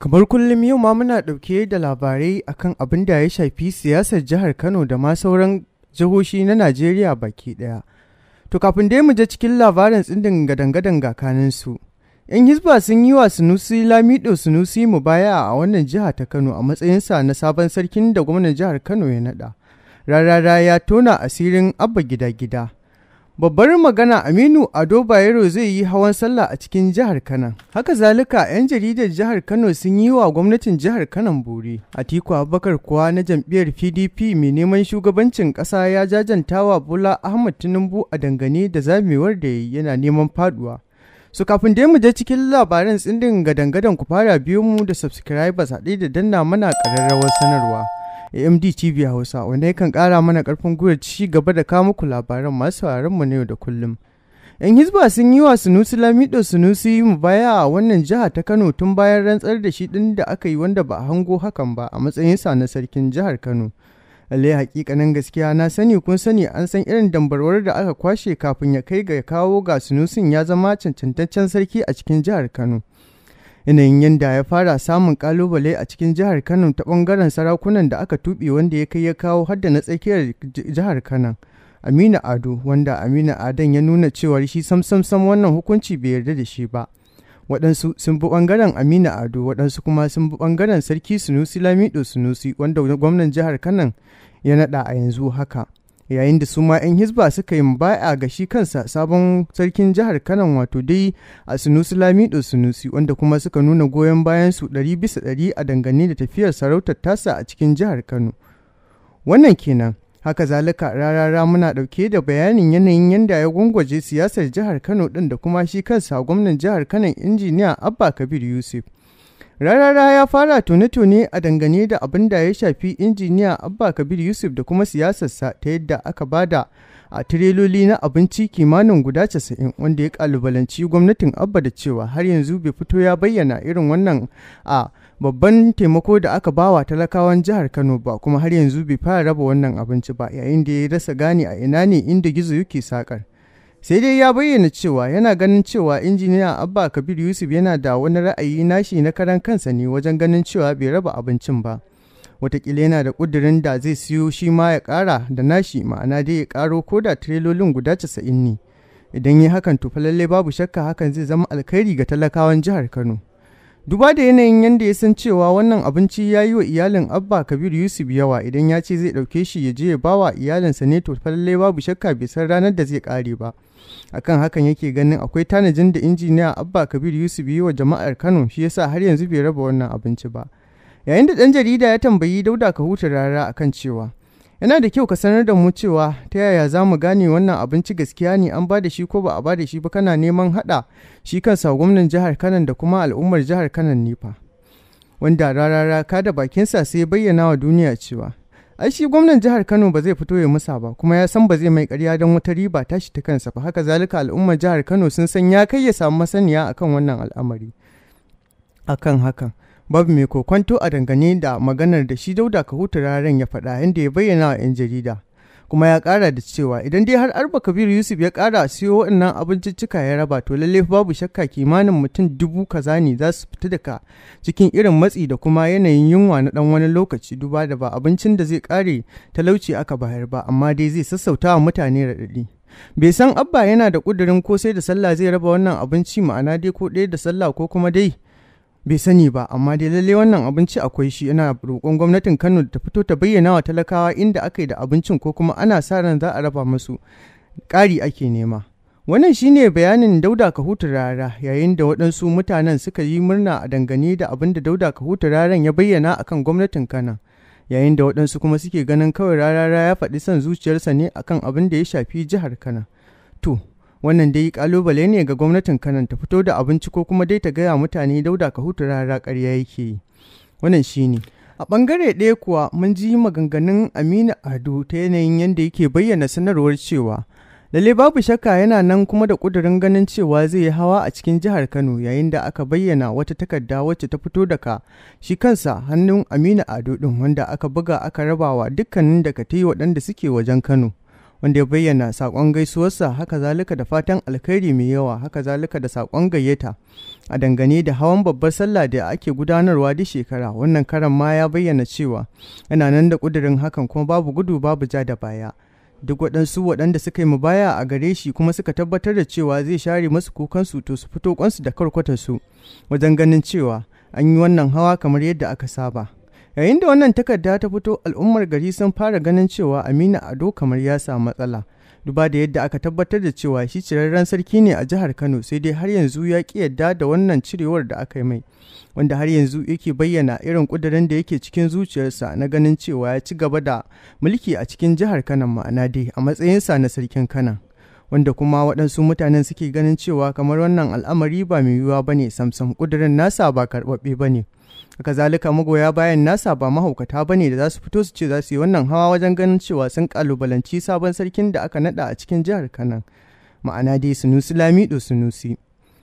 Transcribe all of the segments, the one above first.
Kamar kullum yau ma muna ɗauke da labarai akan abin da ya shafi siyasar jihar Kano da ma sauran jihohi na Najeriya baki ɗaya. To kafin dai mu je cikin labarin tsindin gadangadan kanin su. ‘Yan Hisba sun yi wa Sunusi Lamido Sunusi mu baya a wannan jiha ta Kano a matsayinsa na sabon sarkin da gwamnan jihar Kano ya naɗa. Rarara ya tona asirin abba gida-gida. Babbar magana Aminu Ado Bayero zai yi hawan sallah a cikin jihar Kano. Haka zalika 'yan jaridar jihar Kano sun yi wa gwamnatin jihar Kano buri. Atiku Abubakar kuwa na jam'iyyar PDP mai neman shugabancin kasa ya jajanta wa Bola Ahmad Tinubu a dangane da zamewar da yana neman faduwa. So kafin dai mu je cikin labarin tsindin gadan-gadan ku fara biyo mu da subscribers haɗe da danna mana ƙararrawar sanarwa. AMD TV Hausa wanda yakan kara mana karfin gwiwa ci gaba da kawo muku labaran masu mu na yau da kullum. ‘Yan Hizba sun yi wa Sunusi Lamido Sunusi mu baya a wannan jiha ta Kano tun bayan rantsar da shi ɗin da aka yi wanda ba a hango hakan ba a matsayin sa na sarkin jihar Kano. alai hakikanin gaskiya na sani kun sani an san irin dambarwar da aka kwashe kafin ya kai ga kawo ga Sunusin ya zama cancantaccen sarki a cikin jihar Kano. yanayin yadda ya fara samun kalubale a cikin jihar kano ta bangaren sarakunan da aka tuɓe wanda ya kai ya kawo hadda na tsakiyar jihar kano amina ado wanda amina adan ya nuna cewar shi sam-sam-sam wannan hukunci bai yarda da shi ba waɗansu sun bi ɓangaren amina ado waɗansu kuma sun bi ɓangaren sarki sunusi lamido sunusi wanda gwamnan jihar kanon ya naɗa a yanzu haka yayin da su ma 'yan hisba suka yi baya ga shi kansa sabon sarkin jihar kano wato dai a sunusu lamido sunusi wanda kuma suka nuna goyon bayan su 100 bisa 100 a dangane da tafiyar sarautar tasa a cikin jihar kano wannan kenan haka zalika rarara muna dauke da bayanin yanayin yadda ya gwangwaje siyasar jihar kano din da kuma shi kansa gwamnan jihar kano injiniya abba kabir yusuf Rarara ya fara tune-tune a dangane da abin da ya shafi injiniya Abba Kabir Yusuf da kuma siyasarsa ta yadda aka bada a tireloli na abinci kimanin guda 90 wanda ya kalubalanci gwamnatin Abba da cewa har yanzu bai fito ya bayyana irin wannan a babban taimako da aka bawa talakawan jihar Kano ba kuma har yanzu bai fara raba wannan abinci ba yayin da ya rasa gane a ina ne inda gizo yake sakar. sai dai ya bayyana cewa yana ganin cewa injiniya abba kabir yusuf yana da wani ra'ayi nashi na karan kansa ne wajen ganin cewa bai raba abincin ba watakila yana da kudurin da zai siyo shi ma ya kara da nashi ma'ana dai ya karo ko da tirelolin guda casa'in ne idan yi hakan to lalle babu shakka hakan zai zama alkhairi ga talakawan jihar kano duba da yanayin yadda ya san cewa wannan abinci ya yi wa iyalin abba kabir yusuf yawa idan ya ce zai ɗauke shi ya je ya bawa iyalinsa ne to lalle babu shakka bai san ranar da zai ƙare ba akan hakan yake ganin akwai tanajin da injiniya abba kabir yusuf yi wa jama'ar kano shi yasa har yanzu bai raba wannan abinci ba yayin da ɗan jarida ya tambayi dauda ka huta rara akan cewa yana da kyau ka sanar da mu cewa ta yaya za mu gane wannan abinci gaskiya ne an ba da shi ko ba a ba da shi ba kana neman haɗa shi kan kansa gwamnan jihar kanan da kuma al'ummar jihar kanan ne wanda rarara ka da bakinsa sai bayyana wa duniya cewa ai shi gwamnan jihar kano ba zai fito ya musa ba kuma ya san ba zai mai karya don wata riba tashi ta kansa ba haka zalika al'ummar jihar kano sun san ya kai ya samu masaniya akan wannan al'amari akan hakan babu mai kokwanto a dangane da maganar da shi dauda kahutu raren ya faɗa inda ya bayyana wa 'yan jarida kuma ya kara da cewa idan dai har arba Kabiru yusuf ya kara siyo waɗannan abinciccika ya raba to lalle babu shakka kimanin mutum dubu kaza ne za su fita daga cikin irin matsi da kuma yanayin yunwa na dan wani lokaci duba da ba abincin da zai kare talauci aka bayar ba amma dai zai sassauta wa mutane raɗaɗi bai san abba yana da kudirin ko sai da sallah zai raba wannan abinci ma'ana dai ko ɗaya da sallah ko kuma dai bai sani ba amma dai lalle wannan abinci akwai shi yana roƙon gwamnatin kano ta fito ta bayyana wa talakawa inda aka yi da abincin ko kuma ana sa ran za a raba musu ƙari ake nema wannan shine bayanin dauda kahutu rara yayin da waɗansu mutanen suka yi murna a dangane da abin da dauda kahutu raran ya bayyana akan gwamnatin kano yayin da waɗansu kuma suke ganin kawai rarara ya faɗi son zuciyarsa ne akan abin da ya shafi jihar kano to wannan dai kalubale ne ga gwamnatin kanan ta fito da abinci ko kuma dai ta gaya mutane dauda ka hutu rara ƙarya yake wannan shine a bangare ɗaya kuwa mun ji maganganun aminu ado ta yanayin yadda yake bayyana sanarwar cewa lalle babu shakka yana nan kuma da ƙudurin ganin cewa zai yi hawa a cikin jihar kano yayin da aka bayyana wata takarda wacce ta fito daga shi kansa hannun aminu ado ɗin wanda aka buga aka rabawa dukkanin daga ta yi waɗanda suke wajen kano wanda ya bayyana sakon gaisuwarsa haka zalika da fatan alkhairi mai yawa haka zalika da sakon gayyata a dangane da hawan babbar sallah da ake gudanarwa da shekara wannan karan ma ya bayyana cewa yana nan da ƙudurin hakan kuma babu gudu babu ja da baya duk waɗansu waɗanda suka yi baya a gare shi kuma suka tabbatar da cewa zai share masu kukansu to su fito kwansu da karkwatarsu wajen ganin cewa an yi wannan hawa kamar yadda aka saba yayin da wannan takarda ta fito al'ummar gari sun fara ganin cewa amina ado kamar ya samu matsala duba da yadda aka tabbatar da cewa shi cirarren sarki ne a jihar kano sai dai har yanzu ya ki yadda da wannan cirewar da aka yi mai wanda har yanzu yake bayyana irin kudirin da yake cikin zuciyarsa na ganin cewa ya ci gaba da mulki a cikin jihar kano ma'ana dai a matsayinsa na sarkin kano wanda kuma waɗansu mutanen suke ganin cewa kamar wannan al'amari ba mai yiwuwa ba ne samsam ƙudurin nasa ba karɓaɓɓe ba ne kazalika magoya bayan nasa ba mahaukata ba ne da za su fito su ce za su yi wannan hawa wajen ganin cewa sun ƙalubalanci sabon sarkin da aka naɗa a cikin jihar kanan ma'ana dai sunusi lamido sunusi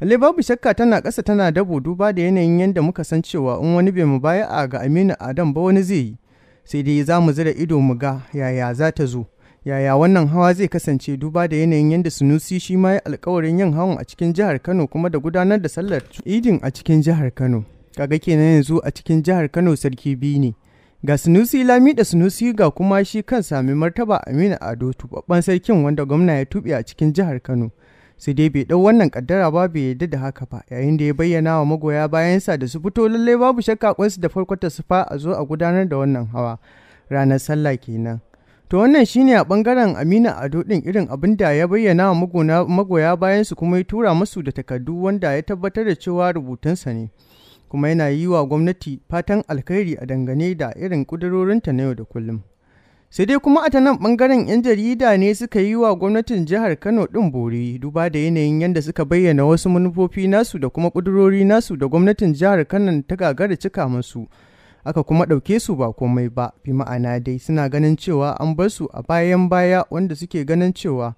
Lalle babu shakka tana ƙasa tana dabo duba da yanayin yadda muka san cewa in wani bai mu baya a ga Aminu Adam ba wani zai yi. Sai dai za mu zira ido mu ga yaya za ta zo. yaya wannan hawa zai kasance duba da yanayin yadda sunusi shi ma ya alkawarin yin hawan a cikin jihar kano kuma da gudanar da sallar idin a cikin jihar kano kaga kenan yanzu a cikin jihar kano sarki biyu ne ga sunusi lami da sunusi ga kuma shi kan sami martaba aminu ado tubabban sarkin wanda gwamna ya tuɓe a cikin jihar kano sai dai bai ɗau wannan kaddara ba bai yarda da haka ba yayin da ya bayyana wa magoya bayansa da su fito lallai babu shakka kwansu da farko ta sufa a zo a gudanar da wannan hawa ranar sallah kenan To wannan shine a bangaren Aminu Ado din irin abin da ya bayyana wa magoya bayan su kuma ya tura musu da takardu wanda ya tabbatar da cewa rubutunsa ne. Kuma yana yi wa gwamnati fatan alkhairi a dangane da irin kudurorinta na yau da kullum. Sai dai kuma a ta nan bangaren 'yan jarida ne suka yi wa gwamnatin jihar Kano din bore duba da yanayin yadda suka bayyana wasu manufofi nasu da kuma kudurori nasu da gwamnatin jihar Kano ta gagara cika musu. aka kuma ɗauke su ba komai ba fi ma'ana dai suna ganin cewa an bar su a bayan baya wanda suke ganin cewa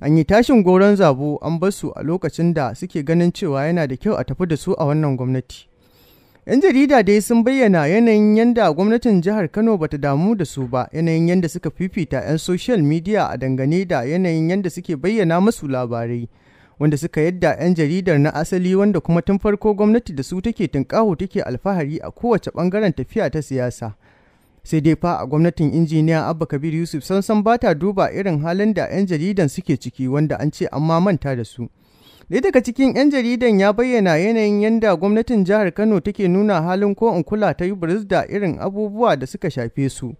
an yi tashin goron zabo an bar su a lokacin da suke ganin cewa yana da kyau a tafi da su a wannan gwamnati 'yan jarida dai sun bayyana yanayin yadda gwamnatin jihar kano bata damu da su ba yanayin yadda suka fifita 'yan social media a dangane da yanayin yadda suke bayyana masu labarai wanda suka yadda 'yan jaridar na asali wanda kuma tun farko gwamnati da su take tunƙaho take alfahari a kowace bangaren tafiya ta siyasa sai dai fa a gwamnatin injiniya abba kabir yusuf sansan ba ta duba irin halin da 'yan jaridan suke ciki wanda an ce an ma manta da su ɗaya daga cikin 'yan jaridan ya bayyana yanayin yadda gwamnatin jihar kano take nuna halin ko in kula ta yi da irin abubuwa da suka shafe su.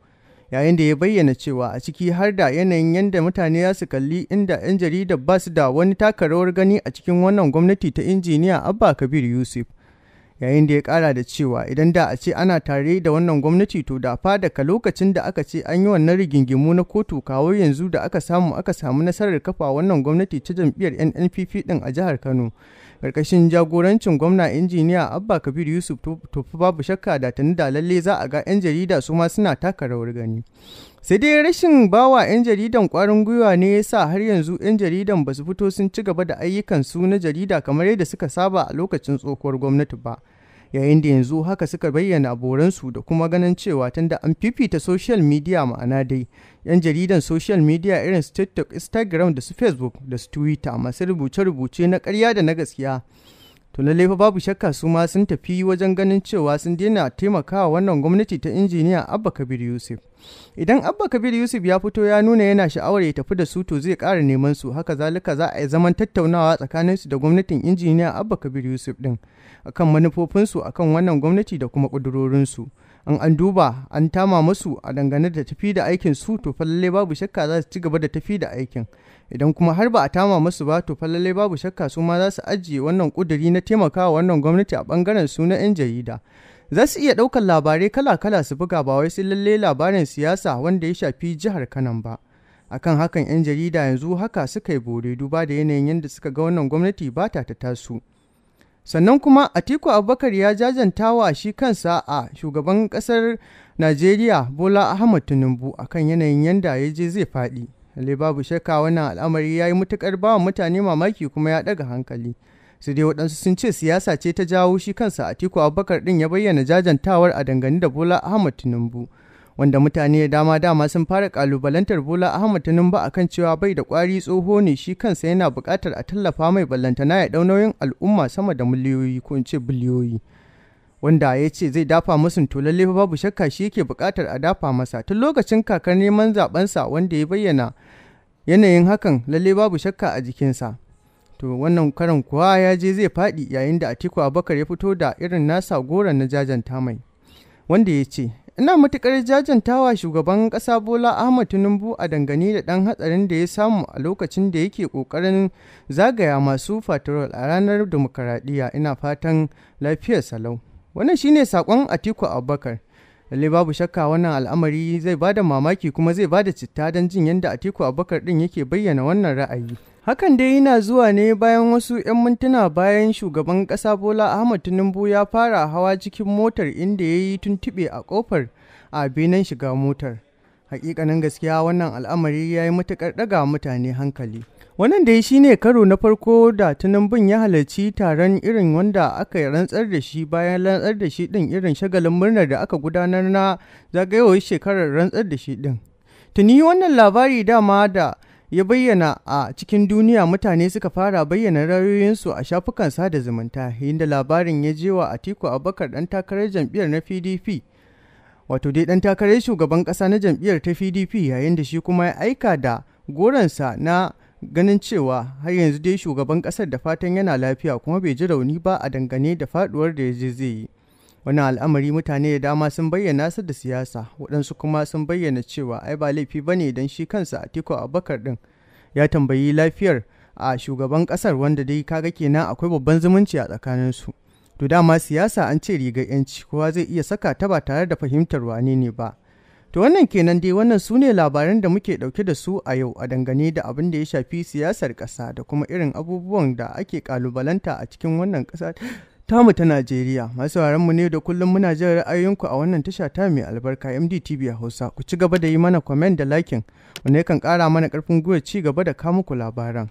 yayin da ya bayyana cewa a ciki har da yanayin yadda mutane za su kalli inda 'yan jarida ba su da wani taka gani a cikin wannan gwamnati ta injiniya abba kabir yusuf yayin da ya kara da cewa idan da a ce ana tare da wannan gwamnati to da fa daga lokacin da aka ce an yi wannan rigingimu na kotu kawo yanzu da aka samu aka samu nasarar kafa wannan gwamnati ta jam'iyyar nnpp din a jihar kano karkashin jagorancin gwamna injiniya abba kabir yusuf tofi babu shakka da tuni da lalle za a ga 'yan jarida su ma suna taka rawar gani sai dai rashin bawa 'yan jaridan kwarin gwiwa ne ya sa har yanzu 'yan jaridan ba su fito sun ci gaba da ayyukansu na jarida kamar yadda suka saba a lokacin tsohuwar gwamnati ba yayin da yanzu haka suka bayyana aboransu da kuma ganin cewa tunda an fifita social media ma'ana dai yan jaridan social media irin su tiktok instagram da su facebook da su twitter masu rubuce-rubuce na karya da na gaskiya to lalle fa babu shakka su ma sun tafi wajen ganin cewa sun daina taimakawa wannan gwamnati ta injiniya abba kabir yusuf idan abba kabir yusuf ya fito ya nuna yana sha'awar ya tafi da su to zai ƙara neman su haka zalika za a yi zaman tattaunawa tsakanin su da gwamnatin injiniya abba kabir yusuf din akan manufofinsu akan wannan gwamnati da kuma ƙudurorinsu su An an duba an tama musu a dangane da tafi da aikin su to falle babu shakka za su ci gaba da tafi da aikin idan kuma har ba a tama musu ba to falle babu shakka su ma za su ajiye wannan kuduri na taimakawa wannan gwamnati a bangaren su na 'yan jarida za su iya ɗaukar labarai kala-kala su buga ba wai sai lalle labarin siyasa wanda ya shafi jihar kanan ba akan hakan 'yan jarida yanzu haka suka yi bore duba da yanayin yadda suka ga wannan gwamnati ba ta tasu sannan kuma atiku abubakar ya jajanta wa shi kansa a shugaban kasar najeriya bola ahmad tinubu akan yanayin yanda ya je zai faɗi lalle babu shakka wannan al'amari ya yi matukar ba mutane mamaki kuma ya ɗaga hankali su dai waɗansu sun ce siyasa ce ta jawo shi kansa atiku abubakar ɗin ya bayyana jajantawar a dangane da bola ahmad tinubu wanda mutane dama dama sun fara kalubalantar bola ahmad tinubu kan cewa bai da kwari tsoho ne shi kansa yana buƙatar a tallafa mai ballantana ya ɗau al'umma sama da miliyoyi ko in ce biliyoyi wanda ya ce zai dafa musu to lalle babu shakka shi yake buƙatar a dafa masa tun lokacin kakar neman sa wanda ya bayyana yanayin hakan lalle babu shakka a jikinsa to wannan karan kuwa ya je zai faɗi yayin da atiku abakar ya fito da irin nasa goron na jajanta mai wanda ya ce ina matuƙar jajantawa shugaban ƙasa bola ahmad tinubu a dangane da ɗan hatsarin da ya samu a lokacin da yake ƙoƙarin zagaya masu fatarol a ranar demokaradiyya ina fatan lafiyar salau wannan shine saƙon atiku abubakar lalle babu shakka wannan al'amari zai bada mamaki kuma zai bada citta don jin yadda atiku abubakar ɗin yake bayyana wannan ra'ayi Hakan dai yana zuwa ne bayan wasu 'yan mintuna bayan shugaban ƙasa Bola Ahmad Tinubu ya fara hawa cikin motar inda ya yi tuntuɓe a ƙofar a benen shiga motar. Hakikanin gaskiya wannan al'amari ya yi matuƙar ɗaga mutane hankali. Wannan dai shi ne karo na farko da Tinubun ya halarci taron irin wanda aka rantsar da shi bayan rantsar da shi ɗin irin shagalin murnar da aka gudanar na zagayowar shekarar rantsar da shi ɗin. Tuni wannan labari dama da ya bayyana a cikin duniya mutane suka fara bayyana ra'ayoyinsu a shafukan sada zumunta inda labarin ya je wa atiku abubakar dan takarar jam'iyyar na pdp wato dai dan takarar shugaban kasa na jam'iyyar ta pdp yayin da shi kuma ya aika da goransa na ganin cewa har yanzu dai shugaban kasar da fatan yana lafiya kuma bai ji rauni ba a dangane da faduwar da ya je zai yi wannan al'amari mutane da dama sun bayyana su da siyasa waɗansu kuma sun bayyana cewa ai ba laifi ba ne don shi kansa atiku abubakar ɗin ya tambayi lafiyar a shugaban ƙasar wanda dai kaga kenan akwai babban zumunci a tsakanin su to dama siyasa an ce rigar yanci kowa zai iya saka ta ba tare da fahimtar wane ne ba to wannan kenan dai wannan su ne labaran da muke ɗauke da su a yau a dangane da abin da ya shafi siyasar ƙasa da kuma irin abubuwan da ake ƙalubalanta a cikin wannan ƙasa tamu ta Najeriya. Masu mu ne da kullum muna jin ra'ayoyinku a wannan tasha ta mai albarka MDTV a Hausa. Ku ci gaba da yi mana comment da liking, wanda yakan kara mana karfin gwiwa ci gaba da kamuku labaran.